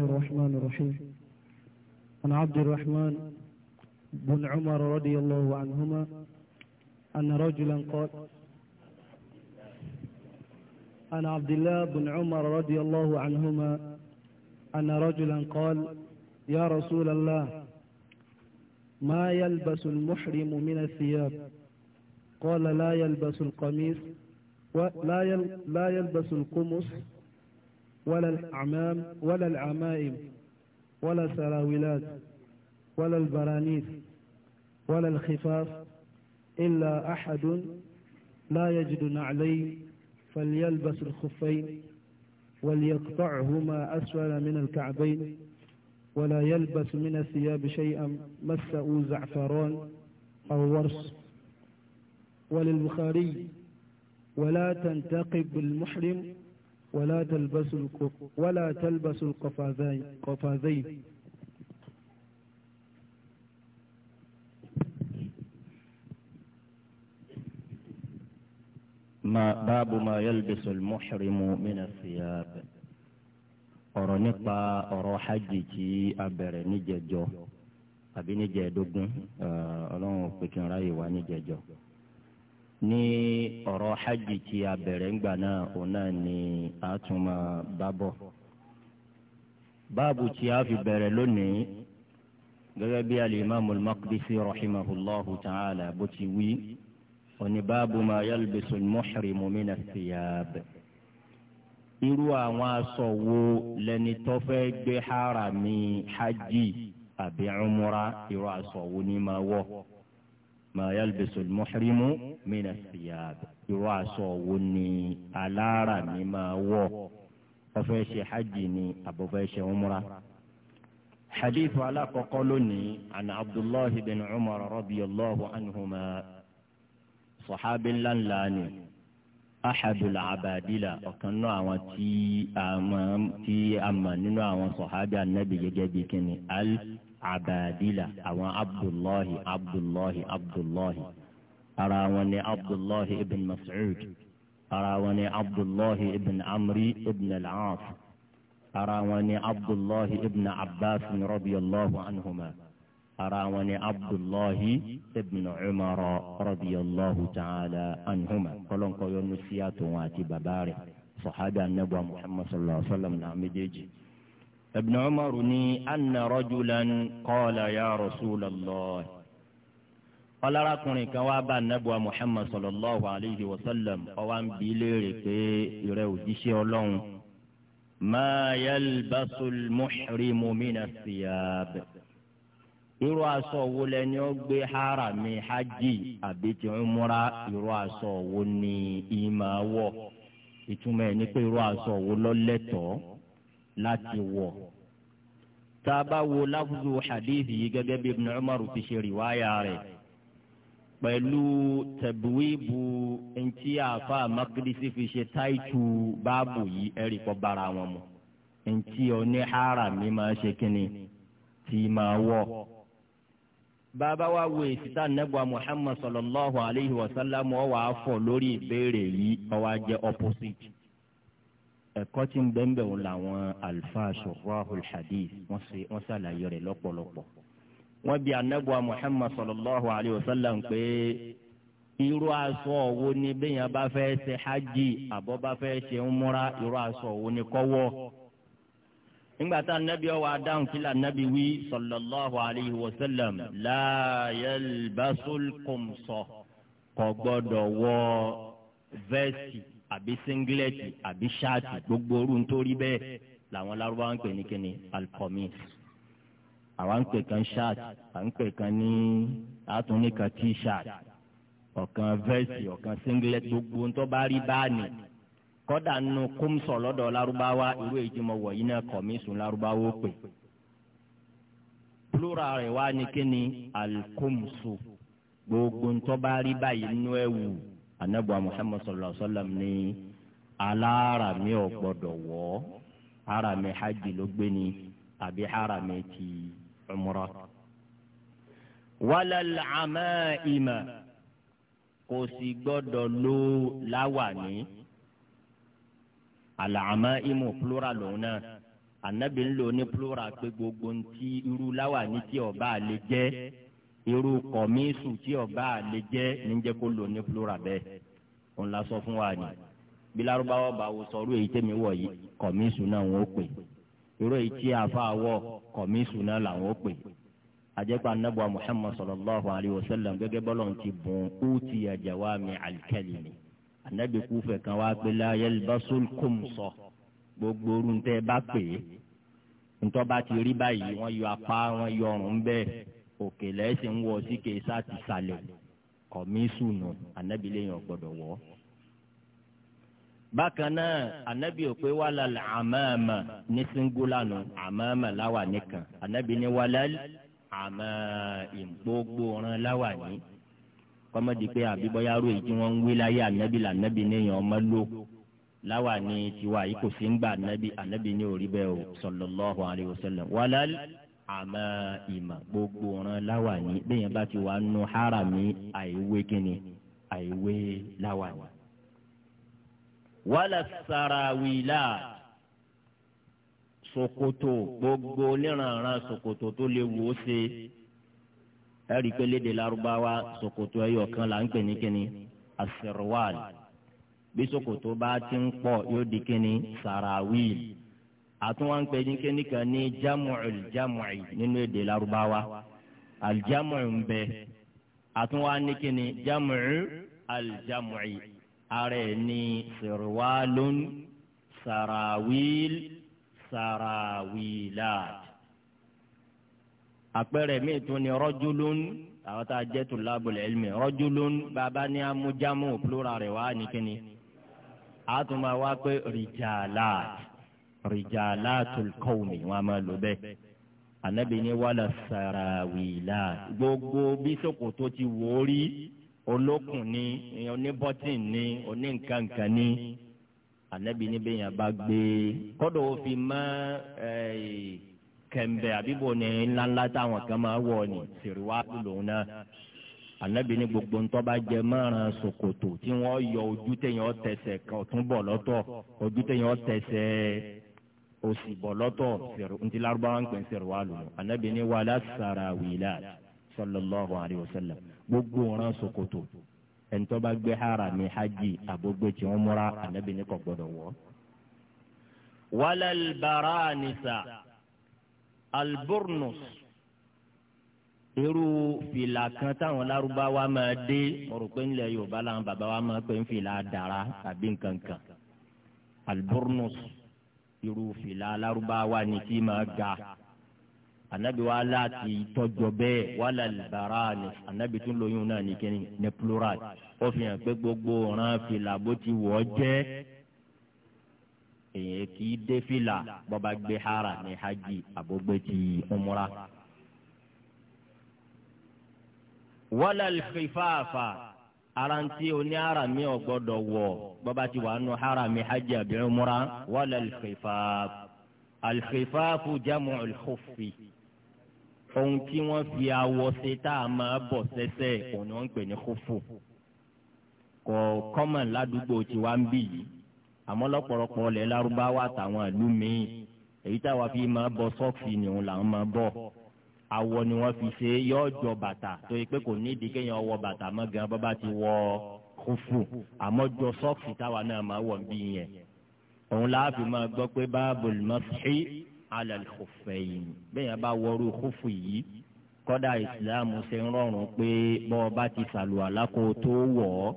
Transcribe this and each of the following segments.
الله الرحمن الرحيم عن عبد الرحمن بن عمر رضي الله عنهما أن رجلا قال عن عبد الله بن عمر رضي الله عنهما أن رجلا قال يا رسول الله ما يلبس المحرم من الثياب قال لا يلبس القميص ولا يل لا يلبس القمص ولا الأعمام ولا العمائم ولا سراولات ولا البرانيس ولا الخفاف إلا أحد لا يجد نعلين فليلبس الخفين وليقطعهما أسفل من الكعبين ولا يلبس من الثياب شيئا مسه زعفران أو ورس وللبخاري ولا تنتقب المحرم ولا تلبس القف ولا تلبس القفازين قفازين ما باب ما يلبس المحرم من الثياب ورنطا ورحجتي أبرني جدو أبني جدو أبي آه، أنا أقول لك رأيي وأني ní ọ̀rọ̀ hajj tí a bẹ̀rẹ̀ ńgbà náà òun náà ni a tún máa bá bọ̀. báàbù tí a fi bẹ̀rẹ̀ lónìí gẹ́gẹ́ bí alimami al-Maqdisi rahimahullahu ta'ala bó ti wí òní báàbù ma yalbisu al-muhrimu mina thiyab. irú àwọn aṣọ wo lẹni tó fẹ́ gbé harami hajj àbí umra irú aṣọ wo ni máa wọ̀ ma yalbisu al-muhrimu mina thiyab irú aṣọ wo ni alára mi máa wọ̀ ó fẹ́ ṣe hajj ni àbò ṣe umra. حديث على قولني عن عبد الله بن عمر رضي الله عنهما صحاب لانلاني أحد العبادلة وكان عواتي أمام تي أما نوع صحابة النبي يجي كني ألف abadila àwọn abdullahi abdullahi abdullahi ara wọn ni abdullahi ibn mas'ud ara wọn ni abdullahi ibn amri ibn al-aas ara wọn ni abdullahi ibn abbas radiyallahu anhuma ara wọn ni abdullahi ibn umar radiyallahu ta'ala anhuma kọlọ́nkọ́ yọnu wọn àti bàbá rẹ̀ sọ̀hádà nebà muhammad sallallahu alayhi wa sallam náà méjèèjì. Ibn Umar ní anna rajulan qala ya Rasulullah ọlọ́rakùnrin kan wá bá anabuwa Muhammad sallallahu alayhi wa sallam ọwọ́ ń bi léèrè pé ìrẹ́ òjíṣẹ́ ọlọ́run ma yalbasul muhrimu mina siyab irú aṣọ wo lẹni ó gbé harami hajj àbí ti umra irú aṣọ wo ni ìmọ̀ wọ̀ ìtumọ̀ ẹ̀ ní pé irú aṣọ wo ló lẹ́tọ̀ọ́ láti wọ̀ tá a bá wo láfùzù hadith yìí gẹ́gẹ́ bí ibn umar ti ṣe rìwáyà rẹ̀ pẹ̀lú tẹ̀bùwíbù ntí àfa makidisi fi ṣe táìtù báàbù yìí ẹ̀rí kọ́ bára wọn mu ntí oní harami máa ṣe kínni tí máa wọ̀ bàbá wa wo ìsìtá nẹ́gbà muhammad sallallahu alayhi wa sallam ó wá fọ̀ lórí ìbéèrè yìí ó wá opposite ẹ̀kọ́ tí ń bẹ ń bẹ òun làwọn àlùfáà shurahul hadith wọ́n ṣàlàyé rẹ̀ lọ́pọ̀lọpọ̀. wọ́n bi anabuwa muhammad sallallahu alayhi wa sallam pé irú aṣọ wo ni bẹ́yàn bá fẹ́ ṣe hajj àbọ̀ bá fẹ́ ṣe umra irú aṣọ wo ni kó nígbà tá anabi ọwọ́ adáhùn kí la anabi wí sallallahu alayhi wa sallam la yalbasul gbọ́dọ̀ wọ̀ vẹ́ẹ̀sì àbí singlet àbí ṣáàtì gbogbo orú nítorí bẹ́ẹ̀ làwọn lárúbáwá ń pè ní kíni alcomis àwa ń pè kan ṣáàtì à ń pè kan ní àtúnìkan t-shirt ọ̀kan vẹ́ẹ̀sì ọ̀kan singlet gbogbo ń tọ́ bá rí báàní kọ́dà nù kómsọ̀ lọ́dọ̀ lárúbáwá irú ìjìmọ̀ wọ̀nyí náà kọ̀mísùn lárúbáwá ó pè. plural rẹ̀ wá ní kíni alkomsu gbogbo ń tọ́ bá rí báyìí nú ẹ̀wù. E anabuwa muhammad sallallahu alaihi wa sallam ní alára mi ò gbọdọ̀ wọ̀ ọ́ ara mi hajj ló gbé ni àbí ara mi ti umra. walal amaima kò sì gbọdọ̀ lo láwàní al-amaimu plural lòun anabi ń lò ní plural pé gbogbo ntí irú láwàní tí ó bá lè irú kọ̀míìsù tí ọba àlè jẹ́ níjẹ́ kó lò ní plural bẹ́ẹ̀ òun la sọ fún wa ni bí lárúbáwá bá wo sọ irú èyí tèmi wọ̀ yìí kọ̀míìsù náà wọ́n pè irú èyí tí àfa wọ̀ kọ̀míìsù náà làwọn pè àjẹpà anábọ̀ muhammad sallallahu alayhi wa sallam gẹ́gẹ́ bọ́lọ̀ ti bùn kú ti àjàwá mi alikalimi anabi kúfẹ̀ kan wá pé la yalbasul kumsọ gbogbo orun tẹ́ bá pè é ntọ́ bá ti rí báyìí wọ́n yọ apá wọ́n yọ ọrùn bẹ́ẹ̀ òkè lẹ́sìn wọ sí kèésà ti sàlẹ̀ kọ̀mísùnù ànábì lẹ́yìn ọ̀gbọ́dọ̀ wọ̀. bákan náà ànábì òpé wà lálẹ́ àmàmà ní singulanu àmàmà láwà nìkan ànábì ní wà lálẹ́ àmà ìgbógbó ran láwà ní. kọ́mọ́dé pé àbíbọ́yá rò èyí tí wọ́n ń wí láyé ànábì lànábì lẹ́yìn ọmọ lò láwà ní tiwa yìí kò sí ń gba ànábì ànábì ní orí bẹ́ẹ̀ o àmọ́ ìmọ̀ gbogbo ran láwàní bẹ́yẹn bá ti wà nù hárami àìwé kíni àìwé láwàní. wàlẹ̀ sàràwìlà sokoto gbogbo oníranran ṣòkòtò tó lè wò ó ṣe ẹ̀rí pé léde lárúbáwá ṣòkòtò ẹyọ kan là ń pè ní kíni àṣẹrùwàl bí ṣòkòtò bá ti ń pọ̀ yóò di kíni sàràwìlì àtún wọn pè ní kíníkan ní jamu'ul jamu'i nínú èdè Lárúbáwá aljamu'u ń bẹ àtún wọn ní kíni jamu'u aljamu'i ara ẹ̀ ní sirwalun sarawil sarawilat àpẹẹrẹ mi tún ni rọ́júlún àwọn tá a jẹ́ tó lábùlẹ̀ ẹ̀lmẹ̀ rọ́júlún bàbá ní amújámù plural rẹ̀ wá ní kíni àtún wá pé rìjàláàtì rijalatul qawmi wọn a máa lò bẹ́ẹ̀ anabi ni wàlà sàràwìlà gbogbo bí ṣòkòtò ti wò ó ni oníbọ́tìn ni onínkankan ni anabi ni bẹ́ẹ̀ yẹn bá gbé kọ́dọ̀ òfin mọ́ eh, kẹ̀mbẹ́ àbíbò ni ńláńlá táwọn kan máa wọ̀ ni sèrèwá lòun náà anabi ni gbogbo ńtọ́ bá jẹ márùn ṣòkòtò tí wọ́n yọ ojú téèyàn tẹsẹ̀ kan ọ̀tún bọ̀ lọ́tọ̀ ojú téèyàn tẹsẹ̀ òsì bọ̀ lọ́tọ̀ sẹ̀rù ntí lárúbáwá ń pè sẹ̀rù wà lónìí anabi ni wàhálà sàràwìlà sallallahu alayhi wa sallam gbogbo ọ̀ràn sokoto ẹ̀ńtọ́ bá gbé harami hajj àbógbé tí wọ́n múra anabi ni kò gbọdọ̀ wọ̀. wàlẹ̀ baranisa alburnus irú fìlà kan táwọn lárúbáwá máa dé ọ̀rọ̀ pé ńlẹ̀ yorùbá làwọn bàbá wa máa pè ń fìlà dara tàbí nǹkan alburnus irú fìlà alárúbáwá ni tí máa ga anabi wa láti tọjọ bẹẹ wàlà libara ni anabi tún lóyún náà ní kíni ní plural ó fi hàn pé gbogbo ọ̀ràn fìlà bó ti wọ̀ ọ́ jẹ́ èyàn kì í dé fìlà bọ́ba gbé hara ní hajj àbógbé ti umra. wàlà fìfáàfà arantí oní harami ọ̀gbọ́dọ̀ wọ̀ bọ́ba ti wà nù harami hajj àbí umra wala al-khifaf al-khifafu jamu al-khuffi ohun tí wọ́n fi awọ ṣe tá a máa bọ̀ sẹ́sẹ́ òun wọ́n ń pè ní khufu kò kọ́mọ̀ ládùúgbò tí wàá ń bì yìí àmọ́ lọ́pọ̀lọpọ̀ lẹ̀ lárúbáwá àtàwọn fi máa bọ sọ́ọ̀kì nìhun là ń máa bọ̀ awọ ni wọ́n fi ṣe yọ jọ bàtà tó yẹ pé kò nídìí kéèyàn wọ bàtà mọ́ gan bọ́bá ti wọ kófù àmọ́ jọ sọ́ọ̀kì táwa náà máa wọ̀ bí yẹn òun láàfin máa gbọ́ pé babul mashi ala al-khuffayn bẹ́ẹ̀ yẹn bá wọrú kófù yìí kọ́dà ìsìláàmù ṣe ń rọrùn pé bọ́ọ̀ bá ti sàlùwàlá kó o tó wọ̀ ọ́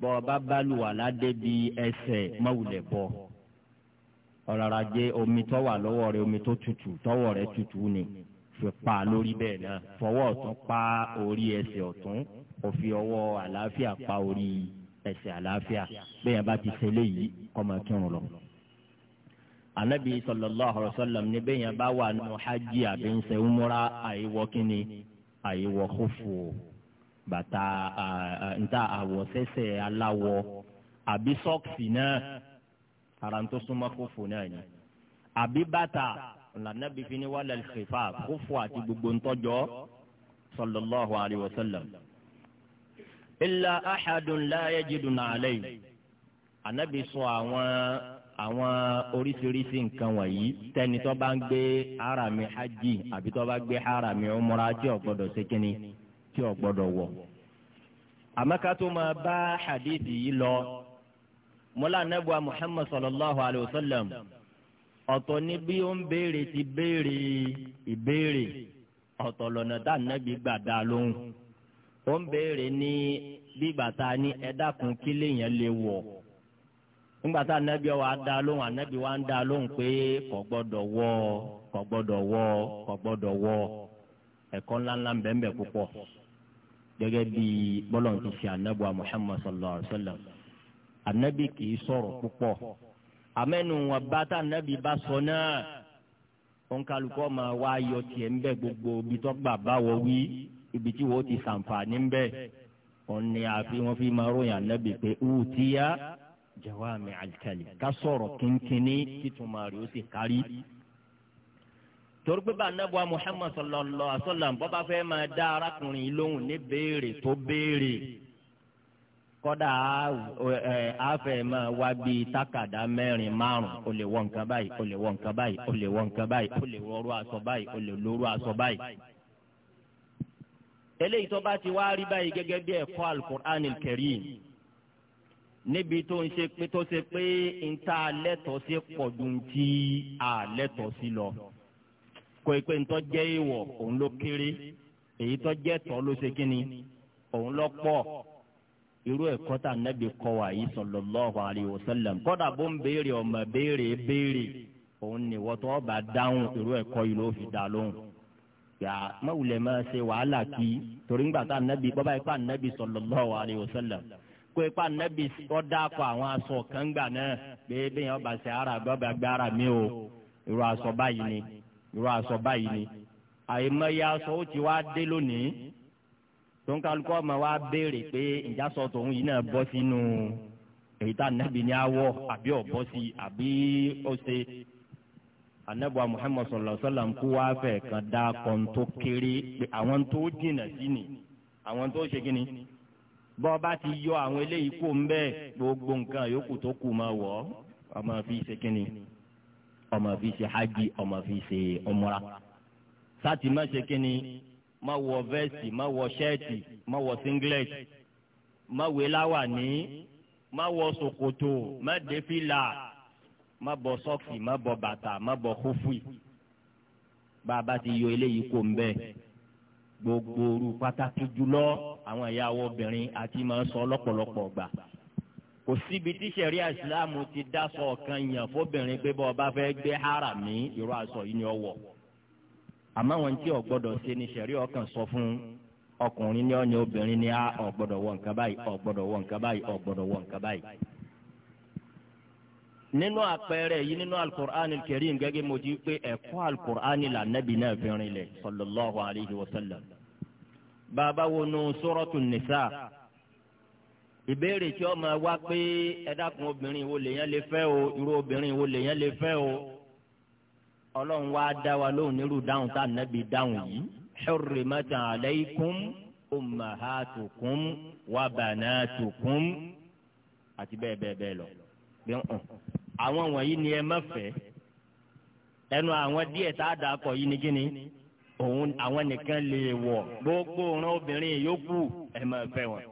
bọ́ọ̀ bá bá lùwàlá débi ẹsẹ̀ ọ̀rọ̀ àjẹ omi tọ́wà lọ́wọ́ rẹ omi tó tutù tọ́wọ́ rẹ tutù ni fi pa lórí bẹ́ẹ̀ náà fọwọ́ ọ̀tún pa orí ẹsẹ̀ ọ̀tún kò fi ọwọ́ àlàáfíà pa orí ẹsẹ̀ àlàáfíà bẹ́ẹ̀ yẹn bá ti ṣe léyìí kọ́ máa kírun lọ. anabi sallallahu alaihi wasallam ní bẹ́ẹ̀ yẹn bá wà nù hajj àbí ń ṣe umra àìwọ kíni àìwọ kófò bàtà níta àwọ̀ sẹ́sẹ̀ aláwọ̀ àbí sọ́ọ̀kì náà ara tó súnmọ́ kófò náà ni àbí bàtà lànàbí fi ni wàlẹ̀ ìfẹ́fà kó fò àti gbogbo ntọ́jọ́ sallallahu alayhi wa sallam. illa ahadun la yajidun alayhi ànábì sọ àwọn àwọn oríṣiríṣi nǹkan wọ̀nyí tẹ́ni tó bá ń gbé harami hajj àbí tó bá gbé harami umra tí ò gbọ́dọ̀ ṣe kínní tí ò gbọ́dọ̀ wọ̀. àmọ́ máa bá hadith yìí lọ mọ́lá anábùwà muhammad sallallahu alayhi wa sallam. ọ̀tọ̀ ni bí ó ń béèrè ti béèrè ìbéèrè ọ̀tọ̀ lọ́nà na gbà dá lóhùn ó ń béèrè ní bí bàtà ní ẹ̀dákun kí lèèyàn lè wọ̀ nígbà tá ànábì wa dá lóhùn wa ń dá lóhùn pé kò gbọ́dọ̀ wọ̀ kò gbọ́dọ̀ wọ̀ kò gbọ́dọ̀ wọ̀ ẹ̀kọ́ ńláńlá ń bẹ̀ẹ́ púpọ̀ gẹ́gẹ́ bí bọ́lọ̀ sallallahu alayhi àmẹ́nu wọn bá tá nàbí bá sọ náà wọn kálukọ́ máa wá yọ tiẹ̀ ń bẹ́ gbogbo ibi tó gbà bá wọ wí ibi tí wọ́n ti sàǹfààní ń bẹ́ wọn ni àfi wọn fi máa ròyìn ànábì pé wù tí yá jawami alikali ká sọ̀rọ̀ kínkínní títúmọ̀ rẹ̀ ó sì kárí. torí pé bá anábọ́à Muhammad sallallahu alaihi wasallam bọ́ba fẹ́ máa dá arákùnrin lóhùn ní béèrè tó béèrè kọ́dà àfẹ́ máa wá bíi tákàdá mẹ́rin márùn ó lè wọ nǹkan báyìí ó lè wọ nǹkan báyìí ó lè wọ nǹkan báyìí ó lè wọrú aṣọ báyìí ó lè lórú aṣọ báyìí. eléyìí tó bá ti wá rí báyìí gẹ́gẹ́ bí ẹ̀kọ́ alukur'an karim níbi tó ń ṣe pé tó ṣe pé ń ta lẹ́tọ̀ọ́ sí pọ̀dùn tí a lẹ́tọ̀ọ́ sí lọ kò pé ń tọ́ jẹ́ ìwọ̀ òun ló kéré èyí tó jẹ́ tọ́ ló ṣe kíni òun ló pọ̀ irú ẹ̀kọ́ tá nẹ́bi kọ́ wa yìí sallallahu alayhi wa sallam kọ́dà bó ń béèrè ọmọ béèrè béèrè òun ni wọ́n tó bá dáhùn irú ẹ̀kọ́ yìí ló fi dá lóhùn. yà mọ̀wùlẹ̀ máa ṣe wàhálà kí torí ń gbà tá nẹ́bi bọ́bá ipá nẹ́bi sallallahu alayhi wa sallam kó ipá nẹ́bi kọ́ dákọ̀ àwọn aṣọ kan gbà náà pé bẹ́ẹ̀ ọba ṣe tó ń kálukọ́ ọmọ wa béèrè pé ìjásọ tòun yìí náà bọ́ sínú èyí tá ànábì ní awọ àbí ọ̀bọ sí àbí ó ṣe anabu muhammad sallallahu alaihi wa sallam kó wá fẹ́ kan dá kan tó kéré pé àwọn tó jìnnà sí ni àwọn tó ṣe kí ni bọ́ bá ti yọ àwọn eléyìí kó ń bẹ́ẹ̀ gbogbo nǹkan yòókù tó kù máa wọ̀ ọ́ ọmọ fi ṣe kínni ọmọ fi ṣe hajj ọmọ fi ṣe umra sátì má ṣe kínni má wọ vẹ́ẹ̀sì má wọ ṣẹ́ẹ̀tì má wọ singlet má wé láwàní má wọ ṣòkòtò má dé fìlà má bọ sọ́ọ̀kì má bọ bàtà má bọ kófì bá a bá ti yọ eléyìí kó ń bẹ́ẹ̀ gbogbo oru pàtàkì jùlọ àwọn ìyàwó obìnrin àti máa sọ lọ́pọ̀lọpọ̀ gbà kò síbi tí sẹ̀rí àìsílámù ti dá sọ yàn fóbìnrin pé bọ́ bá fẹ́ gbé hàràmí irú aṣọ yìí ni ọ wọ̀ àmọ́ àwọn tí ò gbọ́dọ̀ ṣe ni sẹ̀rí ọkàn sọ fún ọkùnrin ní ọ̀nà obìnrin ní a ò gbọ́dọ̀ wọ nǹkan báyìí ò gbọ́dọ̀ wọ nǹkan báyìí ò gbọ́dọ̀ wọ nǹkan báyìí. nínú àpẹẹrẹ yìí nínú alukur'an kẹrin gẹ́gẹ́ mo ti pé ẹ̀kọ́ alukur'an là nẹ́bi náà fi rinlẹ̀ sallallahu alayhi wa sallam. bàbá wo nu sọ́rọ́tù nìsa ìbéèrè tí ọmọ wa pé ẹ dákun obìnrin wo lèèyàn lè fẹ́ o irú obìnrin wo lèèyàn lè fẹ́ o ọlọ́run wá dá wa lóhùn nírú dáhùn tá ànábì dáhùn yìí hurrimat alaykum ummahatukum wa banatukum àti bẹ́ẹ̀ bẹ́ẹ̀ bẹ́ẹ̀ lọ. àwọn wọ̀nyí ni ẹ má ẹnu àwọn díẹ̀ tá a dà kọ yìí ni gíní òun àwọn nìkan lè wọ̀ gbogbo òun obìnrin yòókù ẹ má wọn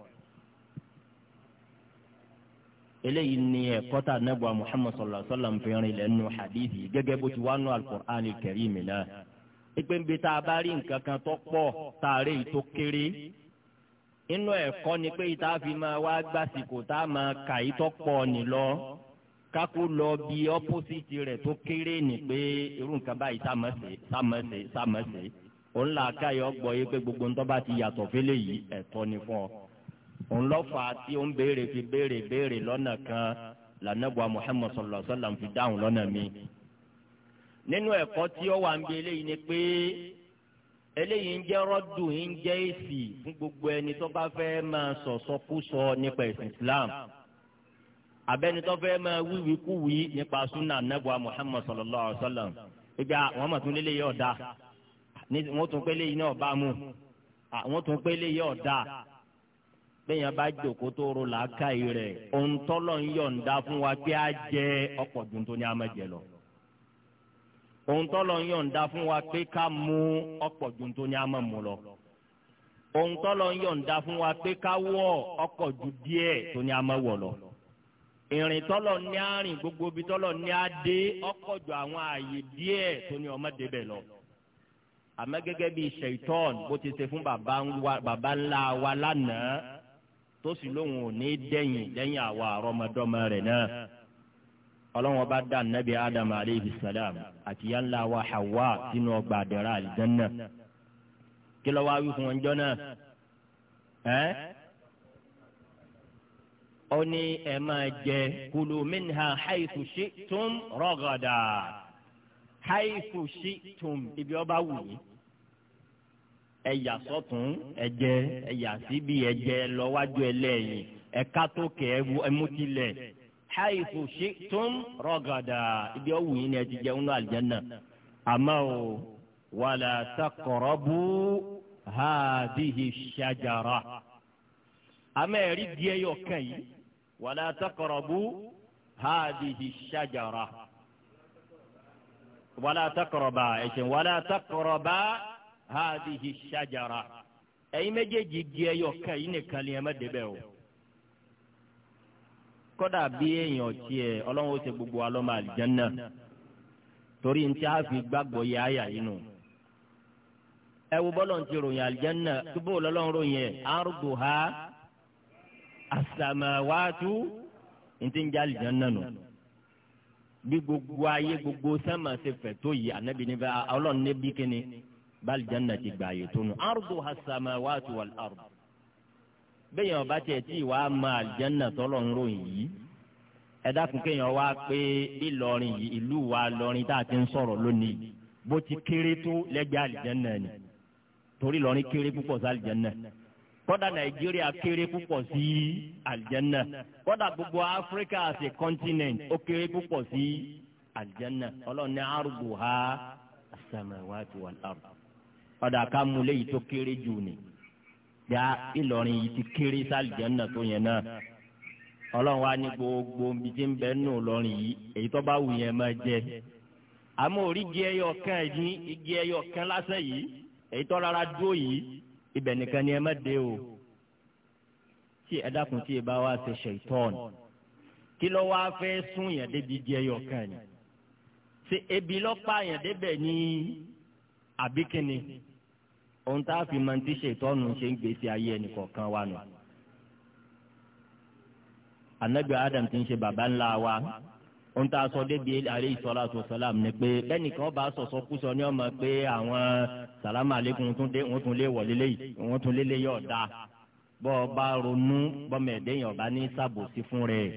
eléyìí ni ẹ̀kọ́ tá nẹ́bùa muhammad sallallahu alayhi wa sallam fi rìn lẹ́nu hadithi gẹ́gẹ́ bó ti wá nù alukur'an karim náà ipe nbí tá a bá rí nǹkan kan tó pọ̀ tá a rí i tó kéré inú ẹ̀kọ́ ni pé ìta fi máa wá gbàsìkò tá a máa kà í tó pọ̀ nílọ kákó lọ bí ọ́pọ́sìtì rẹ̀ tó kéré ni pé irú nǹkan báyìí tá a máa òun là á káyọ̀ gbọ́ yé pé gbogbo ń tọ́ òun lọ́fà tí ó ń béèrè fi béèrè béèrè lọ́nà kan lànàbọ̀ Muhammad sallallahu alaihi wasallam fi dáhùn lọ́nà mi. nínú ẹ̀kọ́ tí ó wà ń bi eléyìí ni pé eléyìí ń jẹ́ rọ́dù ń jẹ́ èsì fún gbogbo ẹni tó bá fẹ́ máa sọ̀sọ́kúsọ nípa ẹ̀sìn Islam abẹ́ni tó fẹ́ máa wíwíkúwí nípa sunnah nàbọ̀ Muhammad sallallahu alaihi wasallam gbígbà wọn mọ̀ tún lélẹ̀ yọ̀ dá wọn tún pélé yìí náà bá mú wọn tún pélé yọ̀ dá bẹ́yìn bá jòkó tó ro làákàyè rẹ̀ ohun tọ́lọ̀ ń yọ̀ǹda fún wa pé jẹ ọ̀pọ̀ dùn tó ní amẹ́jẹ lọ. ń yọ̀ǹda fún wa pé ká mú ọ̀pọ̀ tó ní amẹ́mu lọ. ohun tọ́lọ̀ ń yọ̀ǹda fún wa pé ká wọ̀ ọ̀pọ̀ díẹ̀ tó ní amẹ́wọ̀ lọ. ìrìn tọ́lọ̀ ní àárín gbogbo ibi tọ́lọ̀ ní á dé ọ̀pọ̀ àwọn tó sì lóhùn ò ní dẹ́yìn lẹ́yìn àwa àrọ́mọdọ́mọ rẹ̀ náà ọlọ́wọ́n bá dá nàbí adam aleyhi salam àti yánlá wa hawa sínú ọgbà àdẹ̀rà àlìjánná kí ló wá wí fún ọjọ́ náà ẹ́ ó ní ẹ máa jẹ kulu minha haythu shi'tum ragada haythu shi'tum ibi ọba wù yìí ẹ̀yà sọ́tún ẹ̀jẹ̀ ẹ̀yà síbi ẹ̀jẹ̀ lọ́wájú ẹlẹ́yìn ẹ̀ka tó kẹ̀ ẹ̀mútilẹ̀ haifu shi'tum rọ́gàdà ibi ọ̀wù yìí ni ẹ ti jẹun ní àlìjẹ́nà àmọ́ o wàlà takọ̀rọ̀bù hàdìhì ṣàjàrà àmọ́ ẹ̀rí yọ kàn wàlà takọ̀rọ̀bù hàdìhì ṣàjàrà wàlà takọ̀rọ̀bà ẹ̀ṣẹ̀ wàlà takọ̀rọ̀bà hadihi shajara ẹ̀yin méjèèjì gé ẹyọ kan yìí nìkan ni ẹ má débẹ̀ o kódà bí èèyàn tiẹ̀ ọlọ́run ó ṣe gbogbo wa lọ́mọ àlìjánná torí ní tí a fi gbàgbọ́ yẹ àyà yìí nù ẹ wo bọ́lọ̀ ti ròyìn àlìjánná túbọ̀ lọ́lọ́run ròyìn ẹ̀ ardu ha asàmàwátú ní ti ń jẹ́ àlìjánná nù bí gbogbo ayé gbogbo sẹ́mà ṣe fẹ̀ tó yìí ànábì nífẹ̀ẹ́ ọlọ́run níbi kíni bal jannati gbà yìí tó nù ardu hasamawatu wal ardu bẹ́yẹn ọba tiẹ̀ tí ìwà ma aljanna tọ́lọ̀ ń ròyìn yìí ẹ dákun kéèyàn wá pé Ìlọrin yìí ìlú wa lọrin tá a ti ń sọ̀rọ̀ lónìí bó ti kéré tó lẹ́gbẹ̀ẹ́ aljanna ni torí lọrin kéré púpọ̀ sí aljanna kódà nàìjíríà kéré púpọ̀ sí aljanna kódà gbogbo áfíríkà as a ó kéré púpọ̀ sí aljanna ọlọ́run ní arduha as-samawati wal ard ọ̀dà ká mú léyìí tó kéré jù ní ya Ìlọrin yìí ti kéré sálìjẹ́nà tó yẹn náà ọlọ́run wa ní gbogbo omi tí ń bẹ nù lọ́rin yìí èyí tó bá wù yẹn máa jẹ àmọ́ orí igi ẹyọ kan ní igi ẹyọ kan lásán yìí èyí tó rárá dúró yìí ibẹ̀ nìkan ni ẹ má dé o tí ẹ dákun tí ẹ bá wá ṣe ṣèitọ́n kí ló wá fẹ́ sún yẹn débi igi ẹyọ kan ni ṣe ebi lọ́pàá yẹn débẹ̀ ní àbí kíni ohun tá a fi máa ti ṣe ìtọ́nu ṣe ń gbèsè ayé ẹnìkọ̀ọ̀kan wa nù. anabi adam ti ń ṣe baba ńlá wa ohun tá a sọ débi alayhi salatu wassalam ni pé bẹ́nìkan bá sọ̀sọ́ kú sọ ní ọmọ pé àwọn sàlámù aleykum tún dé wọ́n tún lé wọlé léyìí wọ́n tún lé léyìí ọ̀dà bọ́ ọ bá ronú bọ́mọ ẹ̀dẹ́yìn ọ̀bá ní sàbòsí fún rẹ̀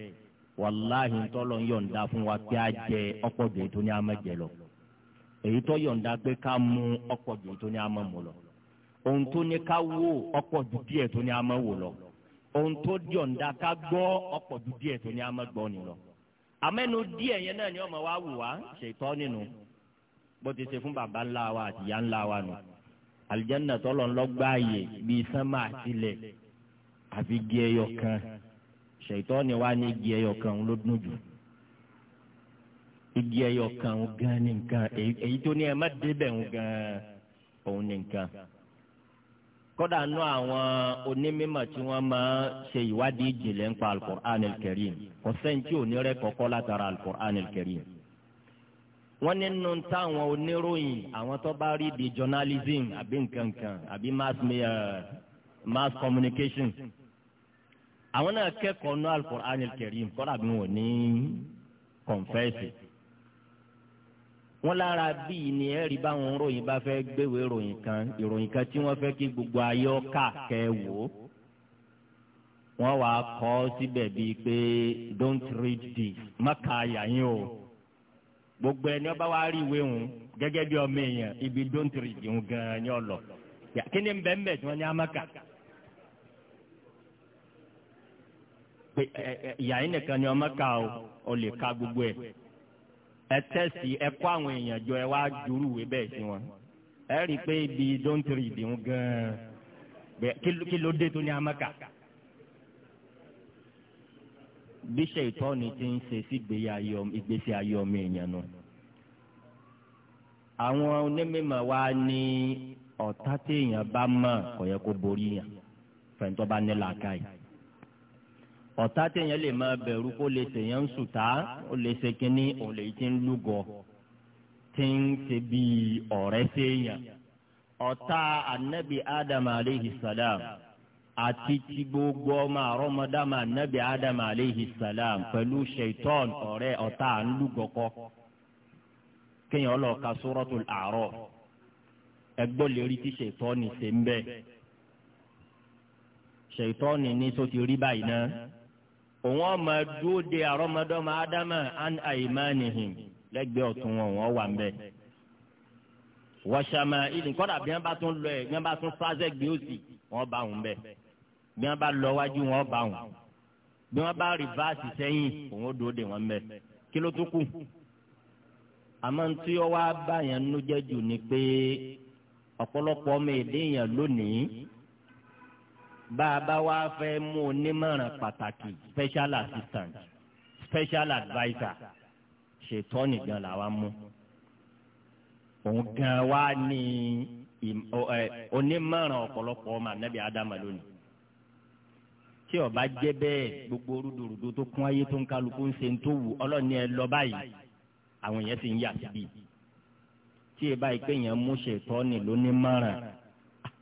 wàláhì ńtọ́lọ́ ń yọ̀ǹda fún wa pé a jẹ ọ̀pọ̀ bèè tó ní a lọ èyí tó yọ̀ǹda pé ká mú ọ̀pọ̀ jù tó ní a máa mú lọ ohun tó ní ká wò ọ̀pọ̀ jù díẹ̀ tó ní a máa wò lọ ohun tó yọ̀ǹda ká gbọ́ ọ̀pọ̀ jù díẹ̀ tó ní a gbọ́ ni àmẹ́nu díẹ̀ yẹn náà ni ọmọ wa wù wá ṣètọ́ nínú bó ti ṣe fún bàbá ńlá wa àti ìyá ńlá wa nù. àlìjẹ́nà tọ́lọ̀ ń lọ́gbààyè bíi sánmà àtìlẹ̀ igi ẹyọ kan òun gan ni nǹkan èyí tó ní ẹ má débẹ̀ òun gan òun ni nǹkan. kódà nú àwọn onímọ̀ tí wọ́n máa ṣe ìwádìí ìjìnlẹ̀ ń pa alukur'an al kò sẹ́ńtì onírẹ́ kọ́kọ́ látara alukur'an al-karim. wọ́n nínú táwọn oníròyìn àwọn tó bá rí di journalism àbí nǹkankan àbí mass, media, mass communication àwọn náà kẹ́kọ̀ọ́ nú alukur'an al-karim kódà bí wọ́n ní kọ̀ǹfẹ́sì wọn lára bíi ni ẹ rí báwọn ròyìn bá fẹ́ gbéwèé ròyìn kan ìròyìn kan tí wọ́n fẹ́ kí gbogbo ayọ́ káàkẹ́ wò ó wọ́n wàá kọ́ síbẹ̀ bíi pé don't read this má ka àyà yín o gbogbo ẹni ọba wa rí ìwé òun gẹ́gẹ́ bí ọmọ èèyàn ibi don't read òun gan-an ni ọ lọ kí ni bẹ́ẹ̀ bẹ́ẹ̀ tí wọ́n ní amaka. ìyá yín nìkan ni ọmọ ká o ò lè ka gbogbo ẹ̀ ẹ tẹ́sì ẹ kó àwọn èèyàn jọ ẹ wá jurú ìwé bẹ́ẹ̀ sí wọn ẹ rí i pé ibi dọ́ńtìrì ìdìhun gan-an kí ló dé tó ní amẹ́ka bí ṣètọ́ni ti ń ṣe sígbésí ayé ọmọ èèyàn nù. àwọn onímọ̀ wa ní ọ̀tá téèyàn bá mọ̀ kò kó borí yàn fẹ̀ǹtọ́ bá ní làákàyè ọ̀tá téèyàn lè máa bẹ̀rù kó lè tèèyàn ń sùtá ó lè ṣe kínní òun lè ti ń lúgọ tí ń ṣe bíi ọ̀rẹ́ séèyàn ọ̀tá anabi adam aleyhi salam àti ti gbogbo ọmọ àrọ́mọdámà anabi adam aleyhi salam pẹ̀lú shaitan ọ̀rẹ́ ọ̀tá ń lúgọ kéèyàn lọ ka suratul A'raf ẹgbọ́n lè rí tí shaitan ṣe ń bẹ́ẹ̀ ṣètọ́ni ní tó ti rí báyìí náà òun ọmọ dúró de àrọ́mọdọ́mọ ádámà an àìmánìhìn lẹ́gbẹ̀ẹ́ ọ̀tún wọn wọ́n wà mbẹ́. wọ́ṣàmà ìdí kọ́dà bí wọ́n bá tún lọ ẹ̀ bí wọ́n bá tún sáṣẹ́ gbé òsì wọ́n bá wọn bẹ́ bí wọ́n bá lọ wájú wọ́n bá wọn bí wọ́n bá rìvásì sẹ́yìn òun dúró de wọn bẹ́ kí ló tún kù. àmọ́ tí ó wá báyẹn nújẹ́ jù ni pé ọ̀pọ̀lọpọ̀ ọmọ èdè yẹn lónìí bá wa bá wá fẹ́ mú onímọ̀ràn pàtàkì special assistant special adviser ṣètọ́ nìkan làwa mú òun gan wa ní onímọ̀ràn ọ̀pọ̀lọpọ̀ ọmọ anabi adama lónìí tí ó bá jẹ́ bẹ́ẹ̀ gbogbo rúdurùdu tó kún ayé tó ń kálukú ń ṣe ń tó wù ọlọ́ọ̀ni ẹ lọ báyìí àwọn èèyàn sì ń yà síbi tí ẹ báyìí pé èèyàn mú ṣètọ́ ni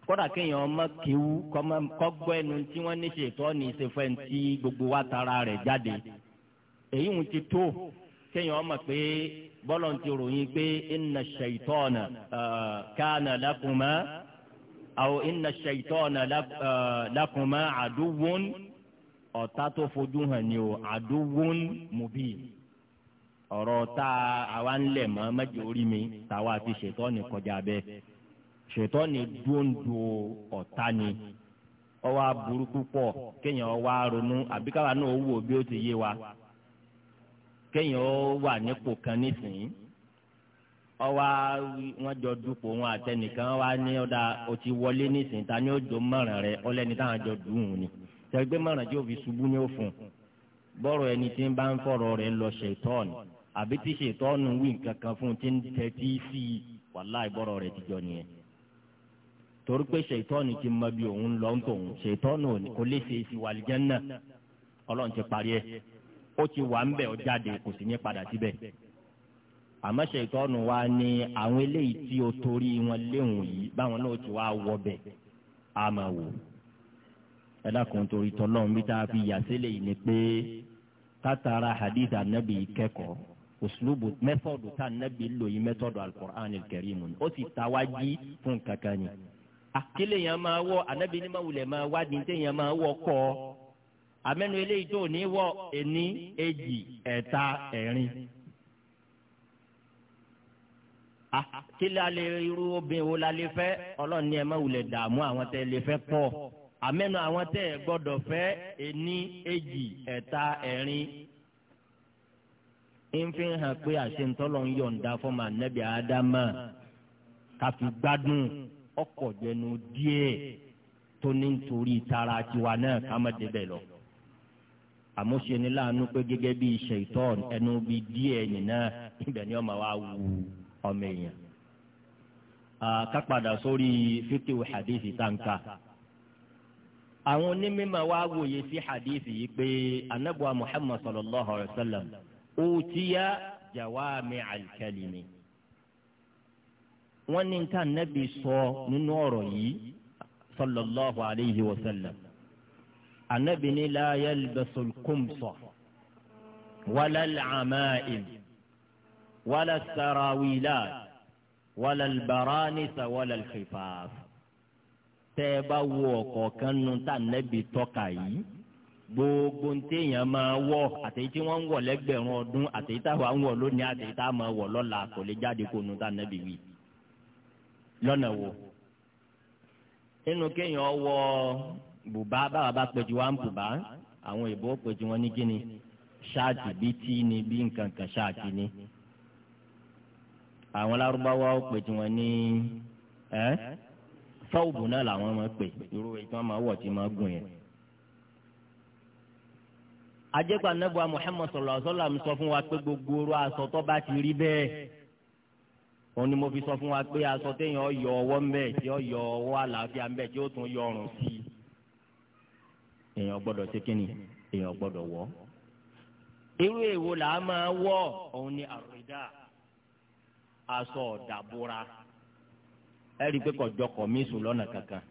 kódà kéèyàn ọmọ kéwú kọ́gbọ́ ẹnu tí wọ́n ní ṣètò ọ̀nì ìṣèfẹ́ ti gbogbo wa tara rẹ̀ jáde èyí ń ti tó kéèyàn ọmọ pé bọ́lọ̀ ti ròyìn pé inna shaytana kana lakuma aw inna shaytana lakuma aduwwun ọ̀tá tó fojú hàn ni o aduwwun mubin ọ̀rọ̀ tá àwa ń lẹ̀ mọ́ mẹ́jọ orí mi tàwa ti ṣètò ọ̀nì kọjá bẹ́ẹ̀. ṣètọ́ ni dúndú ọ̀tá ni ọwọ́ aburú púpọ̀ kéèyàn wá ronú àbí káwa náà bí ó ti yé wa kéèyàn wà nípò kan nísìnyí ọwọ́ wọn jọ dupò wọn àtẹnìkan wá ní ọ̀dà o ti wọlé nísìnyí ta ni ó jọ mọ̀ràn rẹ ọlẹ́ni táwọn jọ dùn ún ni tẹ̀gbẹ́ mọ̀ràn tí ó fi ṣubú ní òfun bọ́rọ̀ ẹni tí ń bá ń fọ̀rọ̀ rẹ lọ ṣètọ́ọ̀nù àbí tí ṣètọ́ọ̀nù wí nǹkan kan fún un torí pé ṣètọ́ni ti mọ bí òun lọ ń tòun ṣètọ́ni kò lè ṣe ìsìwàlìjẹ́ náà ọlọ́run ti parí ẹ̀ ó ti wà ń bẹ̀ ọ jáde kò sì ní padà síbẹ̀ àmọ́ ṣètọ́ni wa ni àwọn eléyìí tí o torí wọn léhùn yìí báwọn náà ti wá wọ bẹ̀ á máa wò ẹ dákun torí tọ́lọ́run bí tá a fi yà sílẹ̀ yìí ni pé tátara hadith anabi kẹ́kọ̀ọ́ uslubu mẹtọọdù tá anabi lò yìí mẹtọọdù alukur'an kẹrìmù ó sì tawájí fún kankan yìí kílè yẹn máa wọ anabi ní mawulẹ̀ máa wá ní tẹ̀ yẹn máa wọ kọ́ amẹ́nu eléyìí tó ní wọ ẹni èjì ẹ̀ta ẹ̀rin. Ah, kílè alẹ́ irú obìnrin wo la lè fẹ́ ọlọ́ọ̀ni ẹ̀ mawulẹ̀ dààmú àwọn tẹ̀ lè fẹ́ pọ̀ amẹ́nu àwọn tẹ̀ gbọ́dọ̀ fẹ́ ẹni èjì ẹ̀ta ẹ̀rin nfin hàn pé àṣẹ ntọ́lọ́ ń yọ̀ǹda fọ́mà nẹ́bí àádámà káfi gbádùn ọkọ̀ jẹnu díẹ̀ tó ní nítorí tara tiwa náà ká má débẹ̀ lọ. àmúṣe ni láàánú pé gẹ́gẹ́ bí ṣèitọ́n ẹnu bí díẹ̀ nìyẹn ibẹ̀ ni ọmọ wa wu ọmọ èèyàn. kápadà sórí fíkìwé hadithi táǹkà. àwọn onímọ̀ wa wòye sí hadithi yìí pé anabuwa muhammad sallallahu alayhi wa sallam ó tíya jawami alikalimi wọ́n ní nta nẹ́bi sọ nínú ọ̀rọ̀ yìí sallallahu alayhi wa sallam anabi ni la yalbasul kumsa wala al-amaim wala sarawilat wala al-baranisa wala al-khifaf tẹ́ ẹ bá wo ọ̀kọ̀ọ̀kan nu tá nẹ́bi tọ́ka yìí gbogbo ntẹ̀yàn máa wọ̀ àtẹ̀yí tí ń wọ̀ lẹ́gbẹ̀rún ọdún àtẹ̀yí táwa ń wọ̀ lónìí àtẹ̀yí tá máa wọ̀ lọ́la kò lè jáde kó nu tá nẹ́bi wí lọ́nà wo nínú kéèyàn wọ bùbá báwa bá pèjú wa ń bùbá àwọn ìbò pèjú wọn ní kíni ṣáàtì bíi tí ni bíi nǹkan kan ṣáàtì ni àwọn lárúbáwá ó pèjú wọn ní ẹ fọwọ́bù náà làwọn máa pè irú èyí tí wọ́n máa wọ̀ tí máa gùn yẹn. ajẹ́pà nẹ́bùà Muhammad sallallahu alaihi wasallam sọ fún wa pé gbogbo orú aṣọ bá ti rí bẹ́ẹ̀ òun ni mo fi sọ fún wa pé aṣọ téèyàn yọ ọwọ́ mbẹ tí ó yọ ọwọ́ àlàáfíà mbẹ tí ó tún yọ ọrùn sí i èèyàn gbọ́dọ̀ ṣe kínní èèyàn gbọ́dọ̀ wọ̀ irú èwo là á máa wọ̀ òun ni àrídà aṣọ ọ̀dàbúra ẹ rí i pé kọjọ kọ mí sùn lọ́nà kankan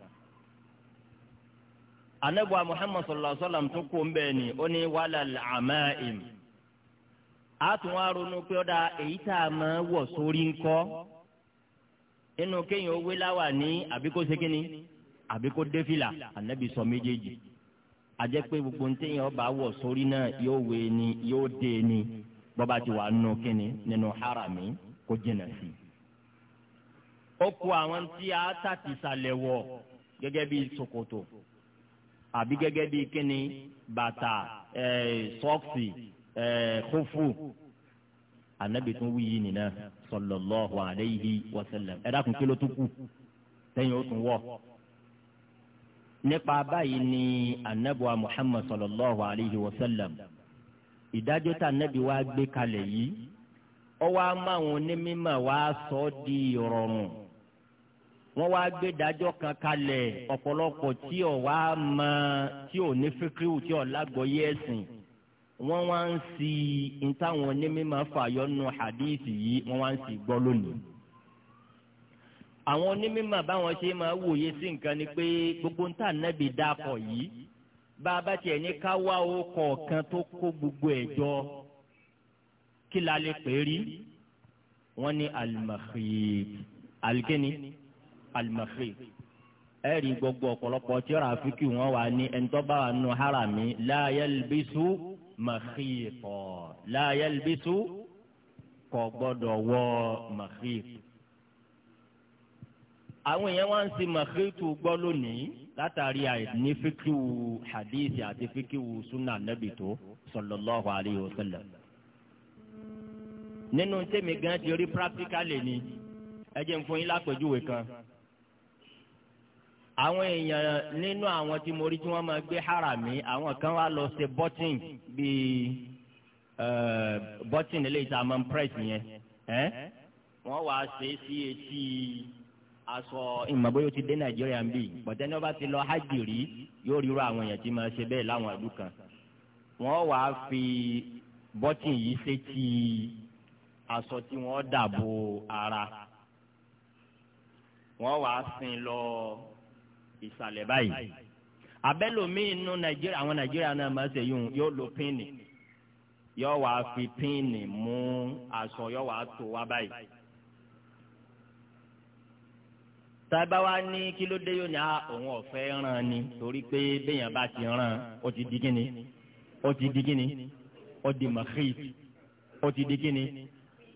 anabuwa muhammadu sallallahu tó kó ń ni ó ní wàhálà àmà a tún wá ronú pé ọ̀dà èyí tá a máa wọ̀ sórí ńkọ́ nínú kéèyàn owó láwà ní àbí kó sékíní àbí kó dé fìlà ànábì sọ méjèèjì a jẹ́ pé gbogbo ntẹ̀yìn ọba wọ̀ sórí náà yóò wé ni yóò dé ni bọ́ba ti wà nù kíni nínú harami kó jìnnà sí ó kó àwọn tí a tàtìsàlẹ̀ wọ̀ gẹ́gẹ́ bí ṣòkòtò àbí gẹ́gẹ́ bí kíni bàtà ẹ̀ẹ́d eh, sọ́ọ̀sì. Eh, kófù anabi tún wí yìí nìyẹn sallallahu alayhi wa sallam ẹ dákun kí ló tún kù lẹ́yìn ó tún wọ nípa báyìí ni anabuwa muhammad sallallahu alayhi wa sallam ìdájọ́ tá anabi wa gbé kalẹ̀ yìí ó wá máwọn onímọ̀ wá sọ ọ́ di ìrọ̀rùn wọ́n wá gbé dájọ́ kan kalẹ̀ ọ̀pọ̀lọpọ̀ tí ò wá mọ tí ò ní fíkírù tí ò lágbọ́yé ẹ̀sìn wọ́n wá ń si ntáwọn onímọ̀ fàyọ́ nu hadithi yìí wọ́n wá ń si gbọ́ lónìí. àwọn onímọ̀ báwọn ṣe máa wòye sí nǹkan ni pé gbogbo ntá nẹ́bi dàpọ̀ yìí bá a bá tiẹ̀ ní ká kọ̀ọ̀kan tó kó gbogbo ẹ̀ jọ kí la lè pè é rí wọ́n ní alimakhib alikeni alimakhib ẹ̀rí gbogbo ọ̀pọ̀lọpọ̀ tí ọ̀rọ̀ àfikún wọn wà ní ẹ̀ńtọ́ bá wà nù hàràmì la yalbisu màkìkọ̀ láàyè lbísú kò gbọ́dọ̀ wọ màkìk. àwọn èèyàn wá ń sin màkìtù gbọ́ lónìí látàrí àìní fíkìwù hadith àti fíkìwù sunna nabi tó sallallahu alayhi wa sallam. nínú tèmi gan ti rí practically ni ẹ jẹ́ n fún yín lápèjúwe kan àwọn èèyàn nínú àwọn tí mo rí tí wọ́n máa gbé harami àwọn kan wá lọ ṣe bọ́tìn bíi bọ́tìn eléyìí tá a máa ń press yẹn wọ́n wá ṣe é sí etí aṣọ ìmọ̀bóyó ti dé nàìjíríà ń bì bọ̀tẹ́ ní wọ́n bá ti lọ hajj rí yóò ríro àwọn èèyàn tí máa ṣe bẹ́ẹ̀ láwọn ìlú kan wọ́n wá fi bọ́tìn yìí sétí aṣọ tí wọ́n dàbò ara wọ́n wá sin lọ. Lo ìsàlẹ̀ báyìí abẹ́lòmíì nínú nàìjíríà àwọn nàìjíríà náà máa ṣe yún yóò lo píìnì yóò wá fi píìnì mú aṣọ yóò wá tó wá báyìí. tábà wá ní kí ló dé yóò ní àwọn ah, ọ̀fẹ́ ràn ni torí pé béèyàn bá ti ràn ó ti di kíni ó ti di kíni ó di mahid ó ti di kíni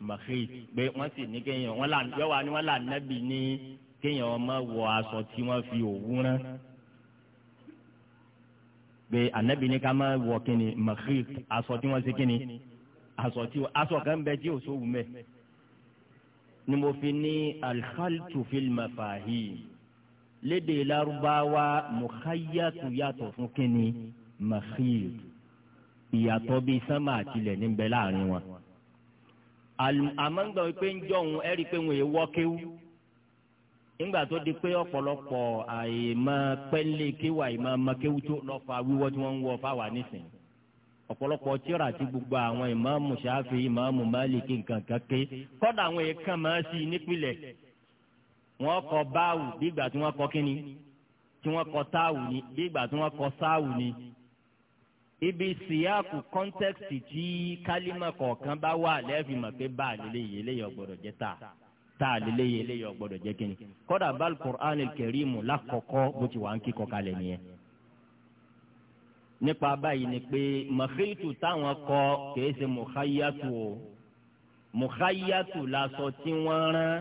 mahid pé wọ́n sì ní kéèyàn wọ́n là yọ̀wá ni wọ́n là nẹ́bì ní kéèyàn ọmọ wọ aṣọ tí wọ́n fi òwú rán pé ànábì ní ká máa wọ kíni mahrik aṣọ tí wọ́n ṣe kíni aṣọ tí aṣọ kan bẹ tí ò sówù mẹ ni mo fi ní alhaltu fil mafahim lédè lárúbáwá muhayyatu yàtọ̀ fún kíni mahrik ìyàtọ̀ bíi sánmà àtìlẹ̀ níbẹ̀ láàrin wọn àmọ́ ń gbọ́ pé ń jọ̀hún ẹ̀rí pé wọ́n yẹ wọ́ nígbà tó di pé ọ̀pọ̀lọpọ̀ àìmọ pẹ́lẹ́ kéwà àìmọ makéwu tó lọ́fà wíwọ́ tí wọ́n ń wọ fáwa nísìn ọ̀pọ̀lọpọ̀ tíra àti gbogbo àwọn ìmáàmù ṣáfì ìmáàmù máàlìkì nǹkan kanké kọ́dà àwọn èèkàn máa sí i nípìnlẹ̀ wọ́n kọ báwù bí ìgbà tí wọ́n kọ kíni tí wọ́n kọ táwù ni bí ìgbà tí wọ́n kọ sáwù ni ibi síyáàkù kọ́ńtẹ́kìtì tí kálímà kọ̀ọ̀kan bá wà lẹ́ẹ̀fì mọ̀ pé báà lélẹ́yìí eléyìí ọ̀gbọ̀dọ̀ jẹ́ Taa lele lè léyìn eléyìí ọ̀gbọ́dọ̀ jẹ́ kínní bal Qur'an kẹrìmù lákọ̀ọ́kọ́ bó ti wà ń kíkọ́ kalẹ̀ nìyẹn. nípa báyìí ni pé mọ̀kẹ́yìtù táwọn kọ kìí ṣe mọ̀káyàtù o mọ̀káyàtù lásọ tí wọ́n rán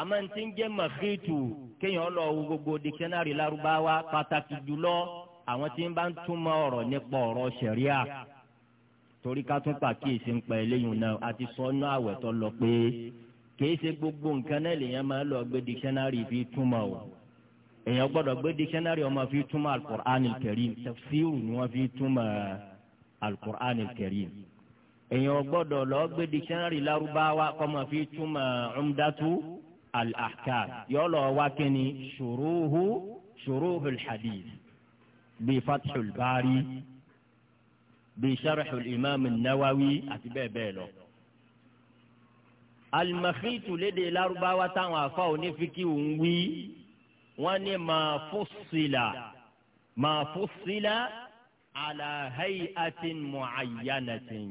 àmọ́ ní ti ń jẹ́ mọ̀kẹ́yìtù kéèyàn lọ wo gbogbo dikẹ́nárì lárúbáwá pàtàkì jùlọ àwọn tí ń bá ń túmọ̀ ọ̀rọ̀ nípa ọ̀rọ̀ ṣẹ̀ríà torí ká tún pàkíyèsí ń pa eléyìí náà àti sọ́nà àwẹ̀ tó lọ pé kìí ṣe gbogbo nǹkan náà lèèyàn máa lọ gbé dikṣẹ́nárì fi túmọ̀ o èèyàn gbọ́dọ̀ gbé dikṣẹ́nárì ọmọ fi túmọ̀ alukur'an kẹrim tafsiru ni wọ́n fi túmọ̀ alukur'an kẹrim èèyàn gbọ́dọ̀ lọ gbé dikṣẹ́nárì larubawa kọ́mọ fi túmọ̀ umdatu al-ahkam yọlọ wakini shuruhu shuruhul hadith bi fathul bari bi sharhul imam nawawi àti bẹ́ẹ̀ bẹ́ẹ̀ lọ alimahitu lédè Lárúbáwá táwọn afa onífikì ń wí wọn ní máa fòsìlà máa fòsìlà ala hayatin muayyanatin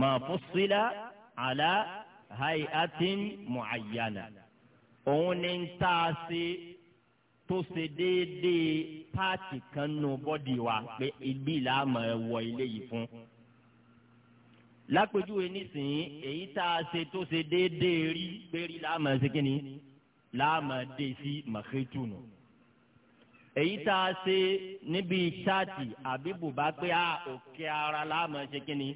máa fòsìlà ala hayatin muayyana òun ni ń tá tó ṣe déédéé páàtì kan nù bọ́dì wa pé ibi làá máa wọ ilé yìí fún lápèjúwe nísìnyí èyí tá a ṣe tó ṣe déédéé rí pérí láàmà ṣe ni láàmà dé sí màkéjùnù èyí tá a ṣe níbi ṣáàtì àbí bùbá pé a òkè ara láàmà ṣe ni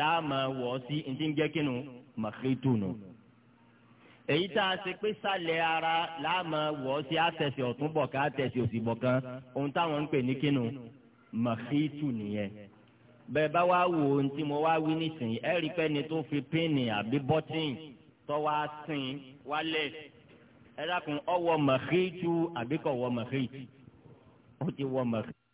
láàmà wọ̀ sí ntí ń jẹ́ kí nu màkéjùnù èyí tá a ṣe pé sálẹ̀ ara láàmà wọ̀ sí àtẹ̀sẹ̀ ọ̀tún bọ̀ ká àtẹ̀sẹ̀ òsì bọ̀ ohun táwọn ń pè ní kí nu nìyẹn bẹ́ẹ̀ bá wá wò ohun tí mo wá wí nísìnyí ẹ rí pẹ́ni tó fi pínì àbí bọ́tìn tó wá sìn wálẹ̀ ẹ dákun ọwọ́ mọ̀kéjù àbíkọ̀ wọ mọ̀kéjù ó ti wọ mọ̀kéjù.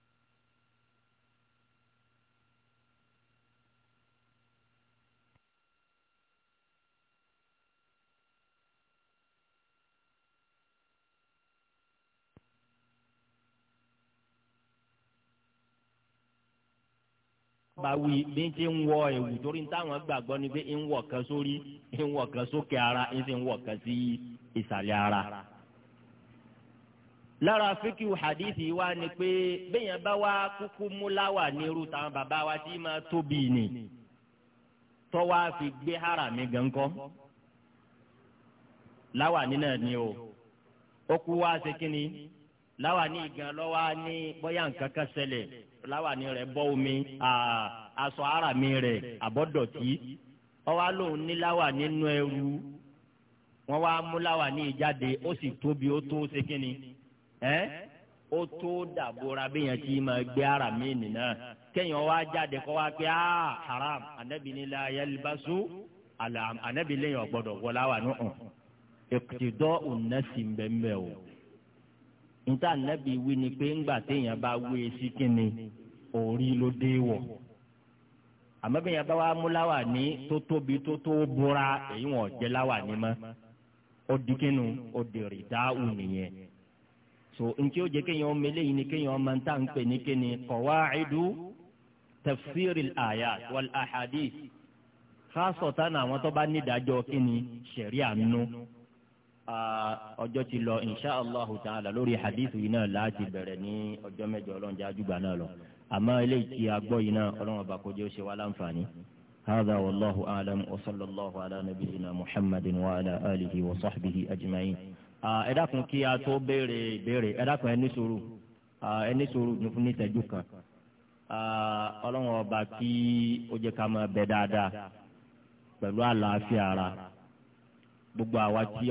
bá wí bí n ti ń wọ ẹ̀wù torí n táwọn gbàgbọ́ ni pé ń wọ̀ kan sórí ń wọ̀ kan sókè ara ń sì ń wọ̀ kan sí ìsàlẹ̀ ara. lára fíkìú hadithi wa ni pé béèyàn bá wá kúkú múláwà ní irú táwọn bàbá wa tí máa tóbi nì tọ́wá fi gbé hàrà mi gan kọ́ láwà nínú ẹ̀ ni o ó kú wá ṣe kínni láwàní gan lọ́wọ́ á ní bóyá nǹkan kan ṣẹlẹ̀ láwàní rẹ̀ bọ́ omi aṣọ ara mi rẹ̀ àbọ̀dọ̀tí ọwọ́ lòun ní láwàní nínú ẹrú wọ́n wá mú láwàní jáde ó sì tóbi ó tó ṣe kínni ẹ́ ó tó dàbora bí yẹn ti máa gbé ara mi nìna kéèyàn wá jáde kó wá pé aa haram anabi ni la yalibasu ala anabi lẹ́yìn ọ̀gbọ́dọ̀ wọlá wà nù hàn èkìtì dọ́ òun náà sì ń bẹ́ẹ̀ mbẹ́ o. níta ànábì wí ni pe ngba téèyàn bá wé e sí kínni òórí ló dé wọ̀ àmọ́ bí yẹn bá wá mú láwà ní tó tóbi tó tó bóra èyí wọn jẹ́ láwà ní mọ́ ó di kínnu ó dèrè dáhùn nìyẹn so o jẹ kéèyàn ọmọ eléyìí ni kéèyàn ọmọ nta ń pè ní kéèyàn qawaidu tafsir al-ayat wal ahadith khasatan àwọn tó bá nídàájọ́ kíni ṣẹ̀ríà nù. No ọjọ́ ti lọ insha allahu ta'ala lórí hadith yìí náà láti bẹ̀rẹ̀ ní ọjọ́ mẹ́jọ ọlọ́run jẹ́ àjùgbà náà lọ àmọ́ eléyìí tí a gbọ́ yìí náà ọlọ́run ọba kò jẹ́ ó ṣe wá láǹfààní. هذا والله أعلم وصلى الله على نبينا محمد وعلى آله وصحبه أجمعين ẹ dákun kí a tó béèrè ìbéèrè ẹ dákun ẹni sùúrù ẹni sùúrù ní ìtẹ́jú kan ọlọ́run ọba kí ó jẹ́ ká máa bẹ dáadáa pẹ̀lú àlàáfíà ara gbogbo àwa tí